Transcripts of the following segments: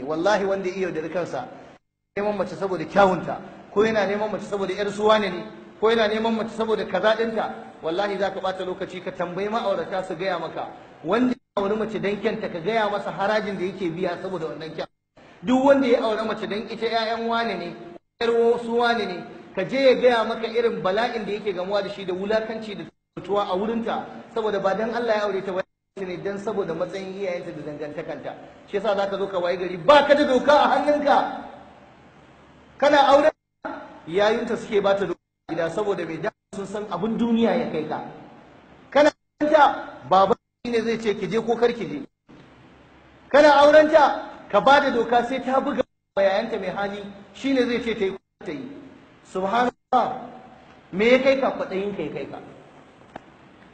wallahi wanda ya iya da kansa neman mace saboda kyawunta ko yana neman mace saboda yar suwa ne ko yana neman mace saboda kaza dinta wallahi zaka bata lokaci ka tambayi ma'aurata su gaya maka wanda ya auri mace dan kyanta ka gaya masa harajin da yake biya saboda wannan kyan duk wanda ya auri mace dan ita ƴaƴan wane ne yar suwa ne ka je ya gaya maka irin bala'in da yake gamuwa da shi da wulakanci da mutuwa a wurinta saboda ba dan Allah ya aure ta ba ne dan saboda matsayin iyayenta da dangantakanta shi yasa ka zo ka waye gari ba ka da doka a hannunka kana aure yayinta suke ba ta doka gida saboda mai dama sun san abin duniya ya kai ka kana aurenta baba ne zai ce ki je ko kar ki je kana aurenta ka ba da doka sai ta buga yayanta mai hali shine zai ce ta yi ta yi subhanallah me ya kai ka kwaɗayin ya kai ka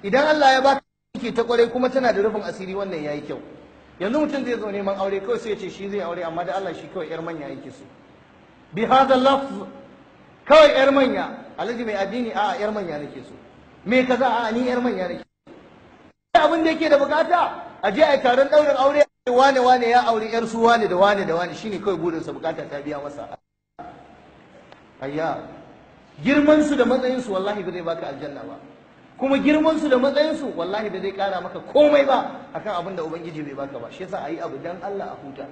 idan Allah ya baka ke ta kwarai kuma tana da rufin asiri wannan yayi kyau yanzu mutum zai zo neman aure kawai sai ya ce shi zai aure amma da Allah shi kawai yar manya yake so bi hada lafz kawai yar manya alhaji mai addini a yar manya nake so me kaza a ni yar manya nake so abin da yake da bukata a je a taron daurin aure wane wane ya aure yar su wane da wane da wane shine kawai burinsa bukata ta biya masa ayya girman su da matsayin su wallahi ba zai baka aljanna ba kuma girman su da matsayin su wallahi da zai kara maka komai ba akan abin da ubangiji bai baka ba shi yasa ayi abu dan Allah a huta